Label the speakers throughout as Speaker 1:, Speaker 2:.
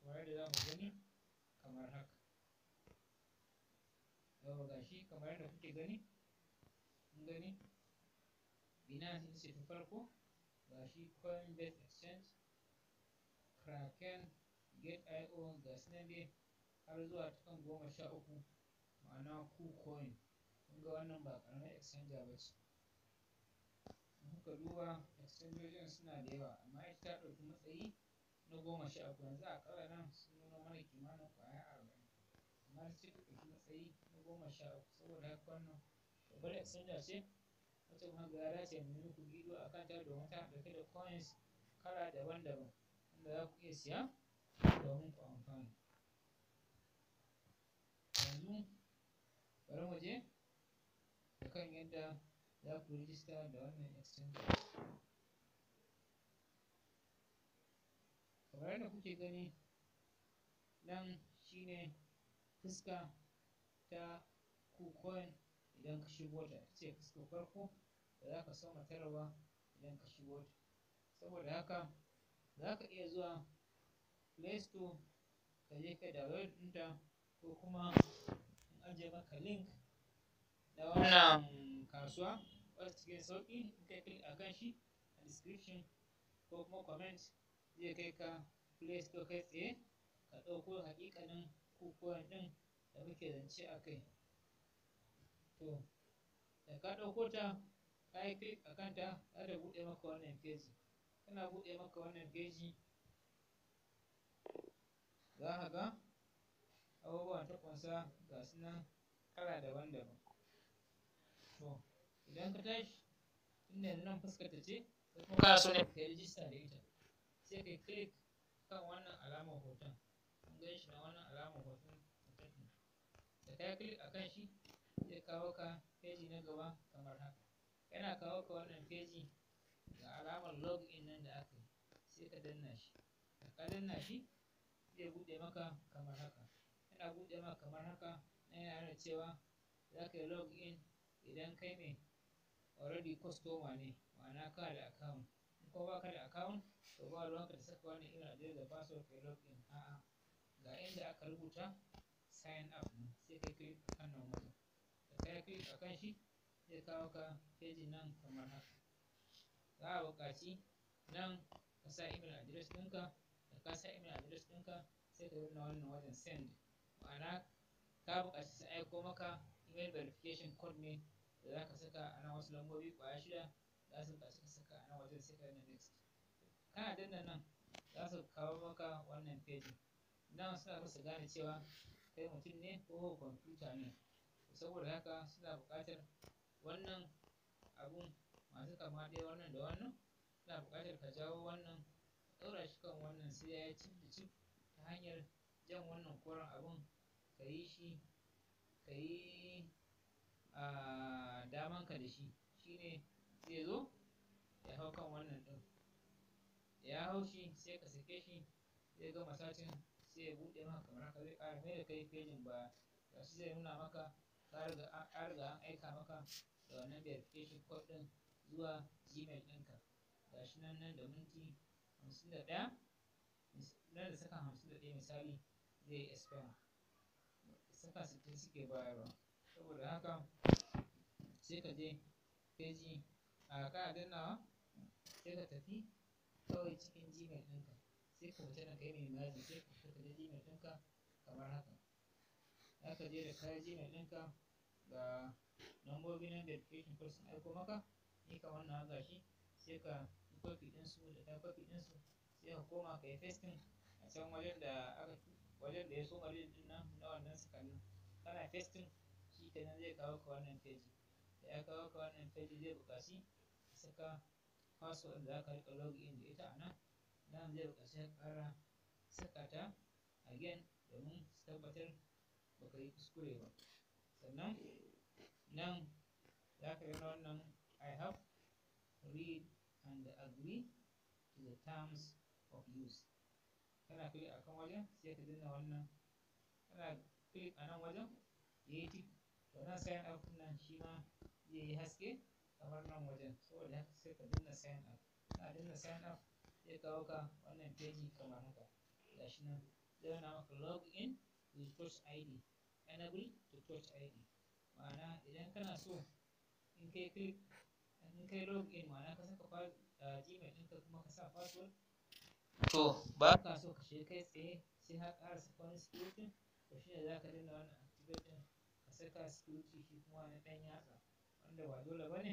Speaker 1: kamar da za mu gani kamar haka yawa ga shi kamar yadda kuke gani kun gani binance ce ta farko ga shi coinbase exchange kraken gate.io ga su har zuwa ta kan goma sha uku ma'ana kucoin kun ga wannan ba ƙaramin exchange ba ce in kuka duba exchangeojin suna da yawa amma ita ta ɗauki matsayi na goma sha uku yanzu a ƙauyen nan sun nuna mana kimanin ƙwaya arba'in amma sai ka ɗauki matsayi na goma sha uku saboda haka wannan
Speaker 2: babbar exchange ce
Speaker 1: wacce kuma ga ya ce mu muku gido a kan ta domin ta ɗauke da coins kala daban-daban wanda za ku iya siya domin ku amfana yanzu bari mu je da kan yadda za ku rijista da wannan exchange kamar yadda kuke gani nan shine fuska ta kukon idan ka shigo ta ce fuskar farko da za ka soma tarawa idan ka shigo ta saboda haka za ka iya zuwa play store ka je ka download ɗinta ko kuma in ajiye maka link na wannan kasuwa wasu cikin sauƙi in ka click a kan shi a description ko kuma comment zai kai ka play kai tsaye ka ɗauko haƙiƙanin kukuwan ɗin da muke zance a kai to da ka ɗauko ta ka yi click a kanta za da buɗe maka wannan feji kana buɗe maka wannan feji za ka ga abubuwan ta ƙunsa ga su nan kala daban-daban to idan ka tashi inda nan fuskar ta ce kuma kana so ne ka yi rijista da ita sai ka klik kan wannan alamar hoton kun gan shi na wannan alamar hoton hoton ne da ka click akan shi zai kawo ka feji na gaba kamar haka yana kawo ka wannan feji ga alamar Login nan da aka yi sai ka danna shi da ka danna shi zai buɗe maka kamar haka yana buɗe maka kamar haka na yana cewa za ka yi Login idan kai mai already customer ne ma'ana ka da account in ko ba ka da account to ba ruwan ka saka wani ina da da password kai log in a'a ga inda aka rubuta sign up ne sai kai a kan nan wajen da kai click akan shi zai kawo ka page nan kamar haka za a buƙaci nan ka sa email address ɗinka da ka sa email address ɗinka sai ka nuna wannan wajen send ma'ana ka buƙaci su aiko maka email verification code ne da za ka saka a nan wasu lambobi ƙwaya shida za su buƙaci ka saka a nan wajen sai ka na next kana danna nan za su kawo maka wannan page nan suna so su gane cewa kai mutum ne ko kwamfuta ne saboda haka suna buƙatar wannan abun masu kama dai wannan da wannan suna buƙatar ka jawo wannan ɗora shi kan wannan sai ya cif da cif ta hanyar jan wannan koren abun ka yi shi ka yi a ah, damanka da shi shine zai zo ya hau kan wannan ɗin ya hau shi sai ka sake shi zai gama satin sai ya bude maka kamar haka zai ƙara mai da kai pejin ba ga shi zai nuna maka ka riga an aika maka da wannan verification code din zuwa gmail ɗinka ga shi nan nan da minti hamsin da ɗaya nan da sakan hamsin da ɗaya misali zai expire saka sittin suke bayarwa saboda haka sai ka je peji a ƙara dannawa sai ka tafi kawai cikin gmail ɗinka sai ka fita da kai mai maji sai ka fita da gmail ɗinka kamar haka
Speaker 2: za ka je da kayan gmail ɗinka
Speaker 1: ga lambobi na verification code sun aiko maka ni ka wannan haka shi sai ka yi copy su da ɗan copy su sai ka koma ka yi pasting a can wajen da aka wajen da ya so mari ɗin nan na wannan sakanin kana testing shi kenan zai kawo ka wannan page da ya kawo ka wannan page zai buƙaci saka password da za ka riƙa log in da ita a nan nan zai buƙaci ƙara saka ta again domin su tabbatar baka yi kuskure ba sannan nan za ka yi wannan i have read and agree to the terms of use kana click akan wajen sai ka danna wannan kana click a nan wajen ya yi tik
Speaker 2: to nan sign up
Speaker 1: nan shi ma zai yi haske kamar nan wajen saboda haka sai ka danna sign up kana danna sign up sai kawo ka wannan peji kamar haka shi nan zai nuna maka log in with touch id enable to touch id ma'ana idan kana so in kai click in kai log in ma'ana ka saka ah, gmail ɗinka kuma ka sa password to ba ka so ka shiga kai tsaye sai har ƙara saka wani security to shi ne za ka danna wannan activate ka saka security shi kuma wani ɗan yatsa wanda ba dole ba ne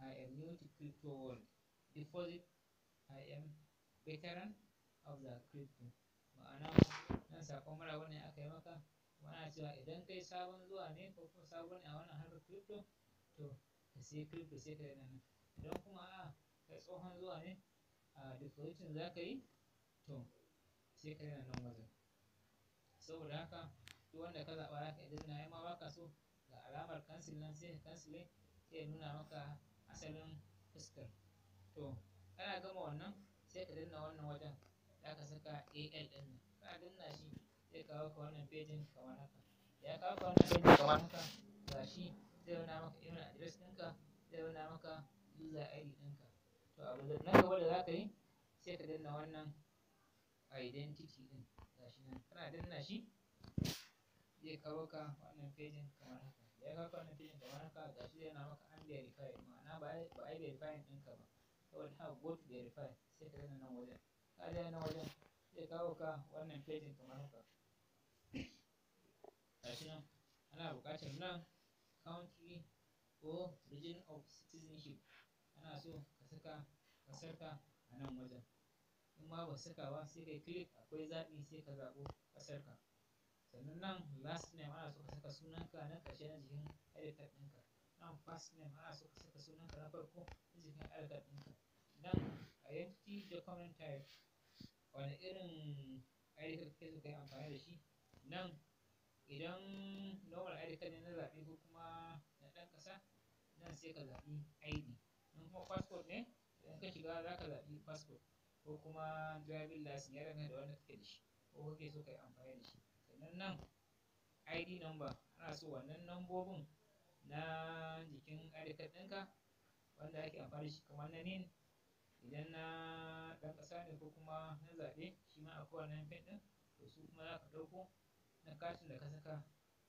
Speaker 1: I am new to crypto world. Deposit I am veteran of the crypto. Ma'ana nan sakon mara wani aka yi maka ma'ana cewa idan kai sabon zuwa ne ko kuma sabon a wannan harkar crypto to ka sai crypto sai ka yana nan. Idan kuma a kai tsohon zuwa ne a deposition za ka yi to sai ka yana nan wajen. Saboda haka duk wanda ka zaɓa za ka yi ma ba ka so ga alamar cancel nan sai ka cancel sai ya nuna maka asalin fuskar to kana gama wannan sai ka danna wannan wajen za ka saka al ɗin nan kana danna shi zai kawo ka wannan pejin kamar haka ya kawo ka wannan pejin kamar haka ga shi zai nuna maka email address ɗinka zai nuna maka user ID ɗinka to abu na gaba da za ka yi sai ka danna wannan identity ɗin ga shi nan kana danna shi zai kawo ka wannan pejin kamar haka da ka kawo wannan feeling kamar ka? ga shi yana maka an verify ma'ana ba a yi verifying ɗinka ba saboda haka go to verify sai ka gana nan wajen ka je nan wajen zai kawo ka wannan pejin kamar haka gashi nan ana buƙatar nan country e ko region of citizenship ana so ka saka ƙasarka a nan wajen in ma ba saka ba sai kai click akwai zaɓi sai ka zaɓo ƙasarka sannan nan last name ana so ka saka sunanka na ƙarshe na jikin edit ɗinka nan first name ana so ka saka sunanka na farko na jikin edit ɗinka nan identity document type wani irin edit tag kake yi amfani da shi nan idan normal edit ne na zaɓe ko kuma na ɗan ƙasa nan sai ka zaɓi ID in kuma passport ne idan ka shiga za ka zaɓi passport ko kuma driving license ya dangana da wanda kake da shi ko kake so ka yi amfani da shi wannan id number ana so wannan nambobin na jikin id card ɗinka wanda ake amfani shi kamar na nin idan na ɗan ƙasa ne ko kuma na zaɓe shi ma akwai wannan pin ɗin to su kuma za ka ɗauko na katin da ka saka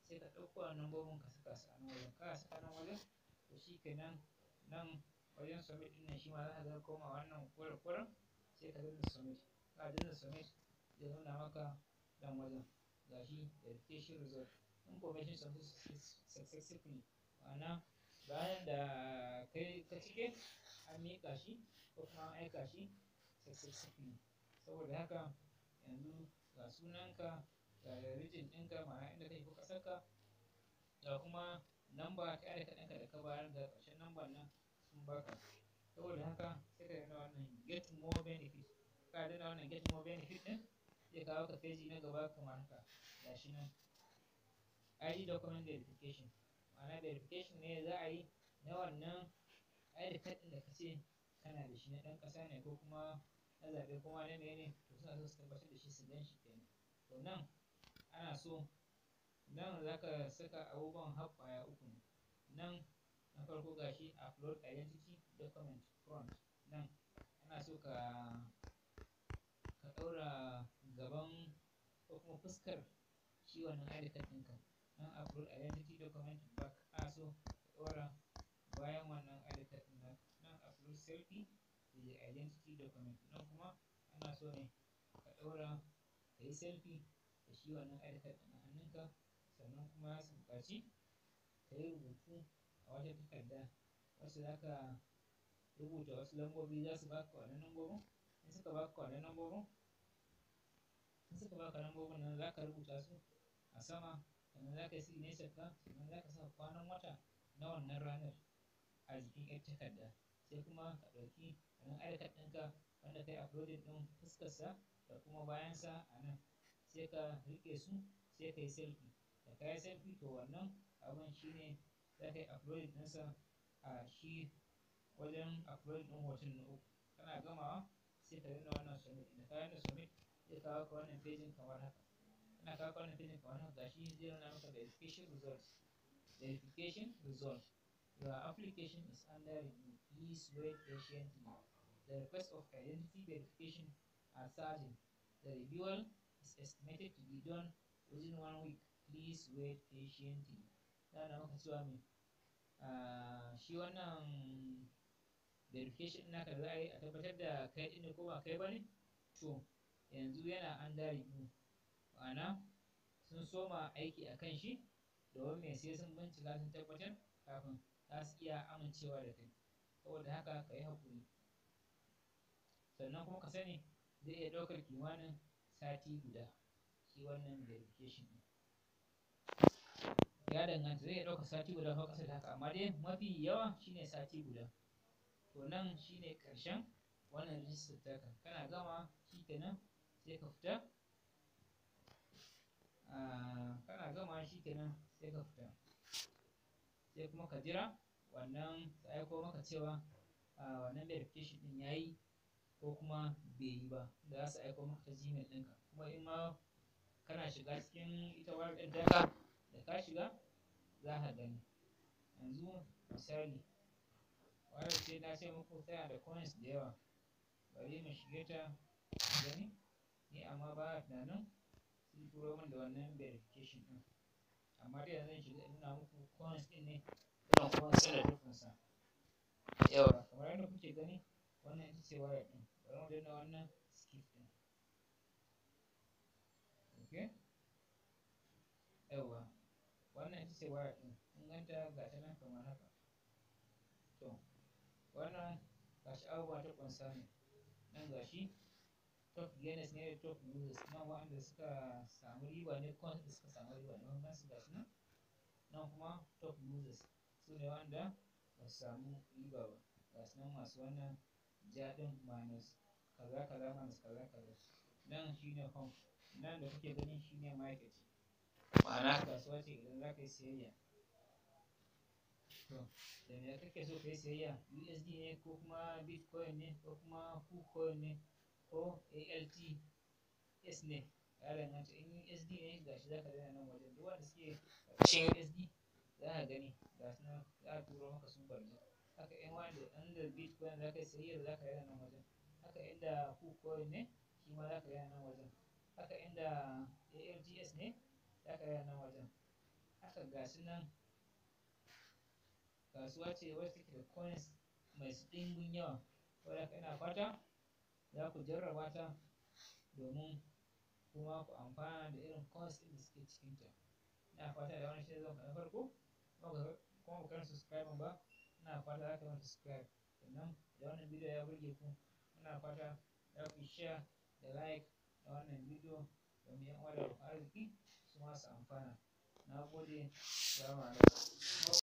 Speaker 1: sai ka ɗauko a nambobin ka saka su a nan wajen ka saka nan wajen to shi kenan nan wajen submit ɗin nan shi ma za ka ga koma wannan kwarar-kwarar sai ka dinga submit ka dinga submit zai nuna maka nan wajen gashi verification result information successfully ma'ana bayan da kai ka cike an miƙa shi ko kuma an aika shi successfully saboda haka yanzu ga sunanka ga rijin ɗinka ma'ana inda kake ko ƙasarka ga kuma namba ta yada kaɗanka da ka bayar da ƙarshen namba nan sun baka saboda haka sai ka dana wannan get more benefit ka dana wannan get more benefit ɗin zai kawo ka feji na gaba kamar haka gashi nan ID document verification ma'ana verification ne za a yi na wannan ID card ɗin da ka ce kana da shi na ɗan ƙasa ne ko kuma na zaɓe kuma na ne to suna so su tabbatar da shi su gan shi kenan to nan ana so nan za ka saka abubuwan haɓɓaya uku ne nan na farko gashi upload identity document front nan ana so ka ka gaban ko kuma fuskar shi wannan ID ɗinka don upload identity document back a so ɗora bayan wannan ID card ɗin nan don upload selfie with identity document don kuma ana so ne ka ɗora ka yi selfie da shi wannan ID card ɗin hannunka sannan kuma su buƙaci ka yi rubutu a wata takarda wasu za ka rubuta wasu lambobi za su baka wannan lambobin in suka baka wannan lambobin in suka baka lambobin nan za ka rubuta su a sama sannan za ka yi signature ka sannan za ka sa kwanan wata na wannan ranar a jikin yar takarda sai kuma ka ɗauki wannan aikar ɗinka wanda ka yi uploading ɗin fuskarsa da kuma bayansa a nan sai ka riƙe su sai ka yi selfie da ka yi selfie to wannan abin shi ne za ka yi uploading ɗinsa a shi wajen uploading ɗin hoton na uku kana gamawa sai ka daina wannan submit da ka daina submit zai kawo ka wannan pejin kamar haka yana kawo ka wannan pejin kamar haka gashi zai nuna maka verification results verification result your application is under review please wait patiently the request of identity verification are certain the renewal is estimated to be done within one week please wait patiently yana maka cewa me ah, shi wannan verification naka za a yi a tabbatar da kai ɗin ko ba kai ba ne to yanzu yana under review ma'ana sun soma aiki a kan shi domin me sai sun bincika sun tabbatar kafin za su iya amincewa da kai saboda haka ka yi haƙuri sannan kuma ka sani zai iya ɗaukar kimanin sati guda shi wannan verification ya danganta zai iya ɗaukar sati guda ko ƙasa da haka amma dai mafi yawa shine sati guda to nan shine ƙarshen wannan rijistar taka kana gama shi kenan sai ka fita ah, kana gama shi kenan sai ka fita sai kuma ka jira wannan su aiko maka cewa ah, wannan verification din ya yi ko kuma bai yi ba za su aiko maka ta gmail ɗinka kuma in ma kana shiga cikin ita wayar ɗin daga da ka shiga za ka gani yanzu misali wayar ce na ce muku tana da coins da yawa bari mu shige ta gani ni eh, amma ba a tunanin sun turo min da wannan verification ɗin amma dai yanzu shiga nuna muku coins din ne irin coins da sa. yawa kamar yadda kuke gani wannan ita ce wayar ɗin bari mu danna wannan skip ɗin ok yawa wannan ita ce wayar ɗin kun ganta ga ta nan kamar haka to wannan gashi abubuwa ta ƙunsa ne nan gashi top gainers ne da top losers nan wanda suka samu riba ne coins suka samu riba ne wannan su gashi nan nan kuma top losers su ne wanda ba su samu riba ba gashi nan masu wannan jaɗin minus kaza kaza minus kaza kaza nan shi ne home nan da kuke ganin shi ne market ma'ana kasuwa ce idan za ka yi siyayya to da me kake so ka yi siyayya usd ne ko kuma bitcoin ne ko kuma kucoin ne ko ALTS e, ne ya danganta in SD ne ga shi za ka nan wajen duk wanda suke cin SD za ka gani ga su nan za a turo maka sun barje haka yan wanda inda Bitcoin za ka yi sayayyar za ka gani nan wajen haka inda KuCoin ne shi ma za ka gani nan wajen haka inda ALTS ne za ka gani nan wajen haka ga su nan kasuwa ce wacce take da coins mai ɗimbin yawa wadda ina fata za ku jarraba ta domin kuma ku amfana da irin course da suke cikinta.
Speaker 2: Ina fata da wannan shi zan faɗa
Speaker 1: farko kuma ku kan subscribe ba ina fata za ka yi subscribe sannan da wannan bidiyo ya burge ku ina fata za ku share da like da wannan bidiyo domin yan uwa da arziki su masu amfana. Na gode, salamu alaikum.